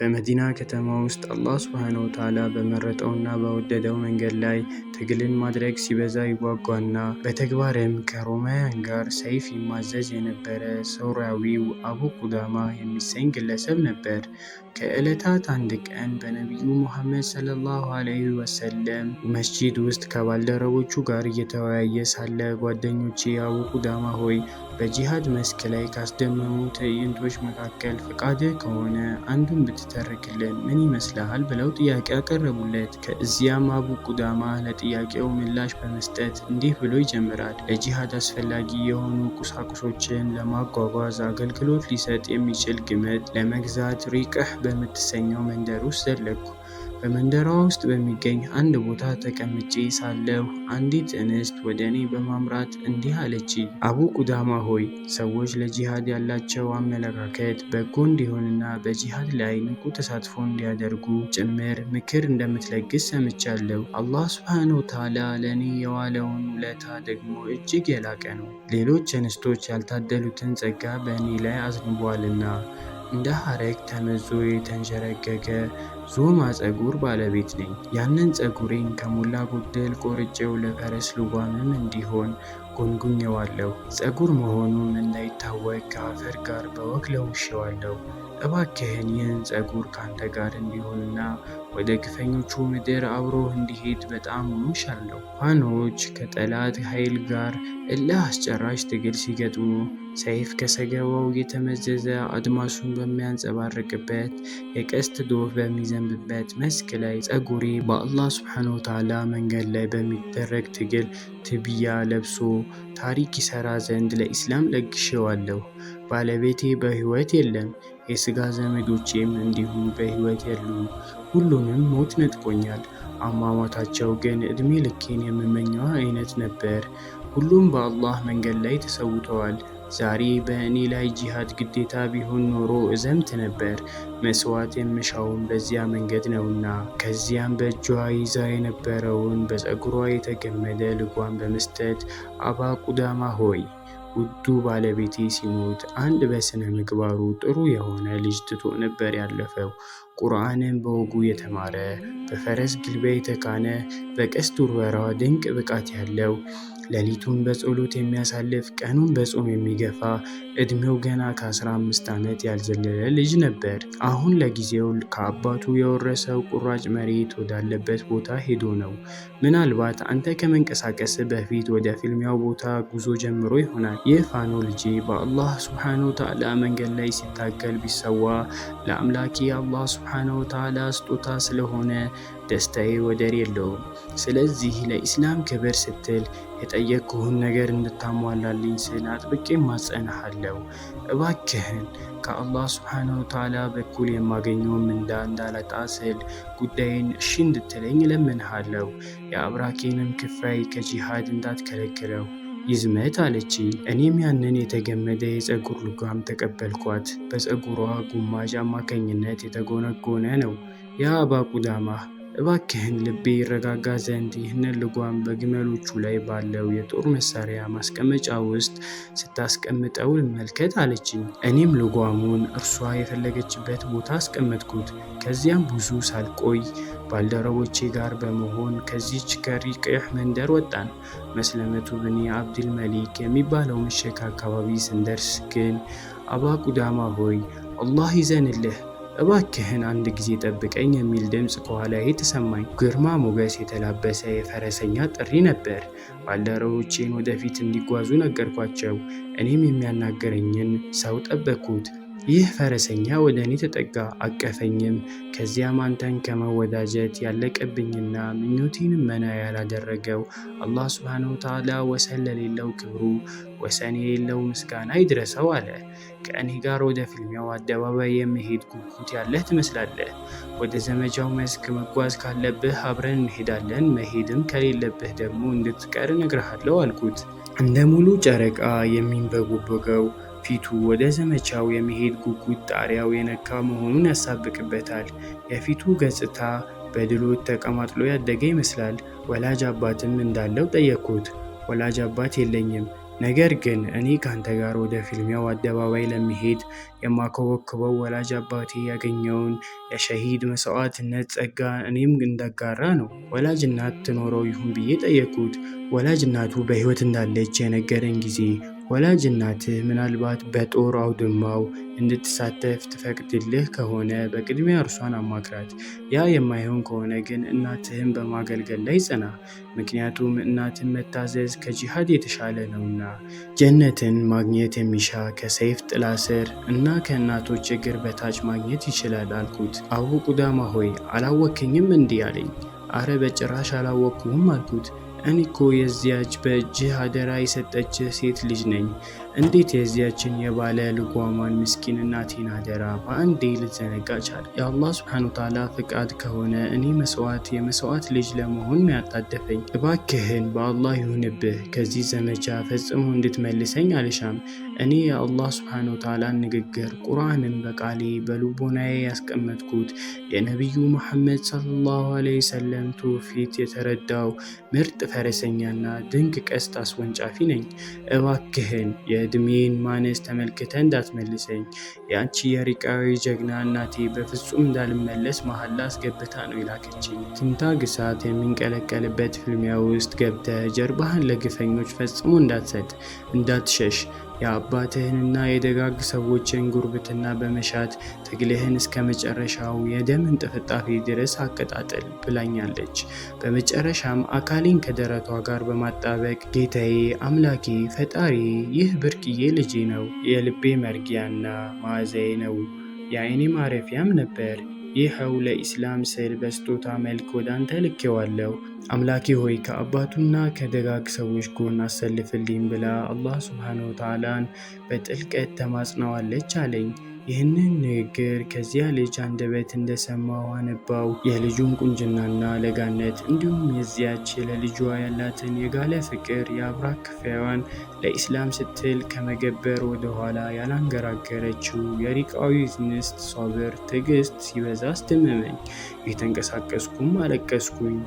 በመዲና ከተማ ውስጥ አላህ ሱብሃነሁ ወተዓላ በመረጠውና በወደደው መንገድ ላይ ትግልን ማድረግ ሲበዛ ይጓጓና በተግባርም ከሮማውያን ጋር ሰይፍ ይማዘዝ የነበረ ሶርያዊው አቡ ቁዳማ የሚሰኝ ግለሰብ ነበር። ከዕለታት አንድ ቀን በነቢዩ ሙሐመድ ሰለላሁ ዐለይሂ ወሰለም መስጂድ ውስጥ ከባልደረቦቹ ጋር እየተወያየ ሳለ ጓደኞቼ አቡ ቁዳማ ሆይ በጂሃድ መስክ ላይ ካስደመሙ ትዕይንቶች መካከል ፈቃድህ ከሆነ አንዱን ብት ብታስተርክልን ምን ይመስልሃል? ብለው ጥያቄ አቀረቡለት። ከእዚያም አቡ ቁዳማ ለጥያቄው ምላሽ በመስጠት እንዲህ ብሎ ይጀምራል። ለጂሃድ አስፈላጊ የሆኑ ቁሳቁሶችን ለማጓጓዝ አገልግሎት ሊሰጥ የሚችል ግመት ለመግዛት ሪቅህ በምትሰኘው መንደር ውስጥ ዘለኩ። በመንደሯ ውስጥ በሚገኝ አንድ ቦታ ተቀምጬ ሳለሁ አንዲት እንስት ወደ እኔ በማምራት እንዲህ አለች፣ አቡ ቁዳማ ሆይ ሰዎች ለጂሃድ ያላቸው አመለካከት በጎ እንዲሆንና በጂሃድ ላይ ንቁ ተሳትፎ እንዲያደርጉ ጭምር ምክር እንደምትለግስ ሰምቻለሁ። አላህ ስብሐነ ወተዓላ ለእኔ የዋለውን ውለታ ደግሞ እጅግ የላቀ ነው። ሌሎች እንስቶች ያልታደሉትን ጸጋ በእኔ ላይ አዝንቧልና እንደ ሐረግ ተመዞ የተንሸረገገ ዞማ ፀጉር ባለቤት ነኝ። ያንን ጸጉሬን ከሞላ ጎደል ቆርጬው ለፈረስ ልጓምም እንዲሆን ጎንጉኜዋለሁ። ፀጉር መሆኑም እንዳይታወቅ ከአፈር ጋር በወግ ለውሼዋለሁ። እባክህን ይህን ጸጉር ካንተ ጋር እንዲሆንና ወደ ግፈኞቹ ምድር አብሮህ እንዲሄድ በጣም እምሻለሁ። ፋኖች ከጠላት ኃይል ጋር እልህ አስጨራሽ ትግል ሲገጥሙ ሰይፍ ከሰገባው የተመዘዘ አድማሱን በሚያንጸባርቅበት የቀስት ዶፍ በሚዘንብበት መስክ ላይ ጸጉሬ በአላህ ስብሓነ ወተዓላ መንገድ ላይ በሚደረግ ትግል ትቢያ ለብሶ ታሪክ ይሰራ ዘንድ ለኢስላም ለግሼዋለሁ። ባለቤቴ በሕይወት የለም። የሥጋ ዘመዶቼም እንዲሁ በሕይወት የሉም፣ ሁሉንም ሞት ነጥቆኛል። አሟሟታቸው ግን ዕድሜ ልኬን የምመኘው አይነት ነበር። ሁሉም በአላህ መንገድ ላይ ተሰውተዋል። ዛሬ በእኔ ላይ ጂሃድ ግዴታ ቢሆን ኖሮ እዘምት ነበር። መስዋዕት የምሻውን በዚያ መንገድ ነውና። ከዚያም በእጇ ይዛ የነበረውን በፀጉሯ የተገመደ ልጓን በመስጠት አባ ቁዳማ ሆይ ውዱ ባለቤቴ ሲሞት አንድ በስነ ምግባሩ ጥሩ የሆነ ልጅ ትቶ ነበር ያለፈው። ቁርአንን በወጉ የተማረ በፈረስ ግልቢያ የተካነ በቀስት ውርወራ ድንቅ ብቃት ያለው ሌሊቱን በጸሎት የሚያሳልፍ ቀኑን በጾም የሚገፋ እድሜው ገና ከ15 ዓመት ያልዘለለ ልጅ ነበር። አሁን ለጊዜው ከአባቱ የወረሰው ቁራጭ መሬት ወዳለበት ቦታ ሄዶ ነው። ምናልባት አንተ ከመንቀሳቀስ በፊት ወደ ፊልሚያው ቦታ ጉዞ ጀምሮ ይሆናል። ይህ ፋኖ ልጄ በአላህ ስብሓነ ወተዓላ መንገድ ላይ ሲታገል ቢሰዋ ለአምላኬ አላህ ሱብሓነሁ ወተዓላ ስጦታ ስለሆነ ደስታዬ ወደር የለውም። ስለዚህ ለኢስላም ክብር ስትል የጠየቅኩህን ነገር እንድታሟላልኝ ስል አጥብቄ ማጸናሃለው። እባክህን ከአላህ ሱብሓነሁ ወተዓላ በኩል የማገኘው ምንዳ እንዳላጣ ስል ጉዳይን እሺ እንድትለኝ እለምንሃለው። የአብራኬንም ክፋይ ከጂሃድ እንዳትከለክለው ይዝመት አለች! እኔም ያንን የተገመደ የፀጉር ልጓም ተቀበልኳት። በፀጉሯ ጉማዥ አማካኝነት የተጎነጎነ ነው። የአባ ቁዳማ እባክህን ልቤ ይረጋጋ ዘንድ ይህንን ልጓም በግመሎቹ ላይ ባለው የጦር መሳሪያ ማስቀመጫ ውስጥ ስታስቀምጠው ልመልከት አለችኝ። እኔም ልጓሙን እርሷ የፈለገችበት ቦታ አስቀመጥኩት። ከዚያም ብዙ ሳልቆይ ባልደረቦቼ ጋር በመሆን ከዚች ከሪቅሕ መንደር ወጣን። መስለመቱ ብኒ አብድል መሊክ የሚባለው ምሽግ አካባቢ ስንደርስ ግን አባ ቁዳማ ሆይ አላህ ይዘንልህ እባክህን አንድ ጊዜ ጠብቀኝ የሚል ድምፅ ከኋላዬ ተሰማኝ። ግርማ ሞገስ የተላበሰ የፈረሰኛ ጥሪ ነበር። ባልደረቦቼን ወደፊት እንዲጓዙ ነገርኳቸው። እኔም የሚያናገረኝን ሰው ጠበቅኩት። ይህ ፈረሰኛ ወደ እኔ ተጠጋ አቀፈኝም። ከዚያም አንተን ከመወዳጀት ያለቀብኝና ምኞቴንም መና ያላደረገው አላህ ሱብሓነሁ ወተዓላ ወሰን ለሌለው ክብሩ ወሰን የሌለው ምስጋና ይድረሰው አለ። ከእኔ ጋር ወደ ፊልሚያው አደባባይ የመሄድ ጉጉት ያለህ ትመስላለህ። ወደ ዘመቻው መስክ መጓዝ ካለብህ አብረን እንሄዳለን፣ መሄድም ከሌለብህ ደግሞ እንድትቀር እነግርሃለሁ አልኩት። እንደ ሙሉ ጨረቃ የሚንበጎበገው ፊቱ ወደ ዘመቻው የመሄድ ጉጉት ጣሪያው የነካ መሆኑን ያሳብቅበታል። የፊቱ ገጽታ በድሎት ተቀማጥሎ ያደገ ይመስላል። ወላጅ አባትም እንዳለው ጠየቅኩት። ወላጅ አባት የለኝም፣ ነገር ግን እኔ ካንተ ጋር ወደ ፊልሚያው አደባባይ ለመሄድ የማኮበክበው ወላጅ አባቴ ያገኘውን የሸሂድ መስዋዕትነት ጸጋ እኔም እንዳጋራ ነው። ወላጅ እናት ትኖረው ይሁን ብዬ ጠየቅኩት። ወላጅ እናቱ በሕይወት እንዳለች የነገረን ጊዜ ወላጅ እናትህ ምናልባት በጦር አውድማው እንድትሳተፍ ትፈቅድልህ ከሆነ በቅድሚያ እርሷን አማክራት። ያ የማይሆን ከሆነ ግን እናትህን በማገልገል ላይ ጽና፣ ምክንያቱም እናትን መታዘዝ ከጂሃድ የተሻለ ነውና። ጀነትን ማግኘት የሚሻ ከሰይፍ ጥላ ስር እና ከእናቶች እግር በታች ማግኘት ይችላል አልኩት። አቡ ቁዳማ ሆይ አላወክኝም? እንዲህ አለኝ። አረ በጭራሽ አላወቅኩም አልኩት። እኔ እኮ የዚያች በእጅህ አደራ የሰጠችህ ሴት ልጅ ነኝ እንዴት የዚያችን የባለ ልጓሟን ምስኪን እናቴን አደራ በአንዴ ልትዘነጋ ቻለ? የአላህ ስብሐነሁ ተዓላ ፍቃድ ከሆነ እኔ መስዋዕት የመስዋዕት ልጅ ለመሆን ያጣደፈኝ፣ እባክህን በአላህ ይሁንብህ ከዚህ ዘመቻ ፈጽሞ እንድትመልሰኝ አልሻም። እኔ የአላህ ስብሐነሁ ተዓላን ንግግር ቁርአንን በቃሌ በልቦናዬ ያስቀመጥኩት የነቢዩ መሐመድ ሰለላሁ ዐለይሂ ወሰለም ትውፊት የተረዳው ምርጥ ፈረሰኛና ድንቅ ቀስት አስወንጫፊ ነኝ። እባክህን እድሜን ማነስ ተመልክተ እንዳትመልሰኝ። የአንቺ የሪቃዊ ጀግና እናቴ በፍጹም እንዳልመለስ መሀል አስገብታ ነው የላከችኝ። ትንታ ግሳት የሚንቀለቀልበት ፍልሚያ ውስጥ ገብተ ጀርባህን ለግፈኞች ፈጽሞ እንዳትሰጥ እንዳትሸሽ የአባትህንና የደጋግ ሰዎችን ጉርብትና በመሻት ትግልህን እስከ መጨረሻው የደም እንጥፍጣፊ ድረስ አቀጣጥል ብላኛለች። በመጨረሻም አካሌን ከደረቷ ጋር በማጣበቅ ጌታዬ፣ አምላኬ፣ ፈጣሪ ይህ ብርቅዬ ልጄ ነው። የልቤ መርጊያና ማዕዘዬ ነው። የአይኔ ማረፊያም ነበር። ይኸው ለኢስላም ስል በስጦታ መልክ ወደ አንተ ልኬዋለሁ። አምላኬ ሆይ ከአባቱና ከደጋግ ሰዎች ጎን አሰልፍልኝ ብላ አላህ ሱብሓነሁ ወተዓላን በጥልቀት ተማጽነዋለች አለኝ። ይህንን ንግግር ከዚያ ልጅ አንደበት እንደሰማው አነባው። የልጁን ቁንጅናና ለጋነት እንዲሁም የዚያች ለልጇ ያላትን የጋለ ፍቅር የአብራክ ክፋያዋን ለኢስላም ስትል ከመገበር ወደኋላ ያላንገራገረችው የሪቃዊ ንስት ሶብር ትዕግስት ሲበዛ አስደመመኝ። የተንቀሳቀስኩም አለቀስኩኝ።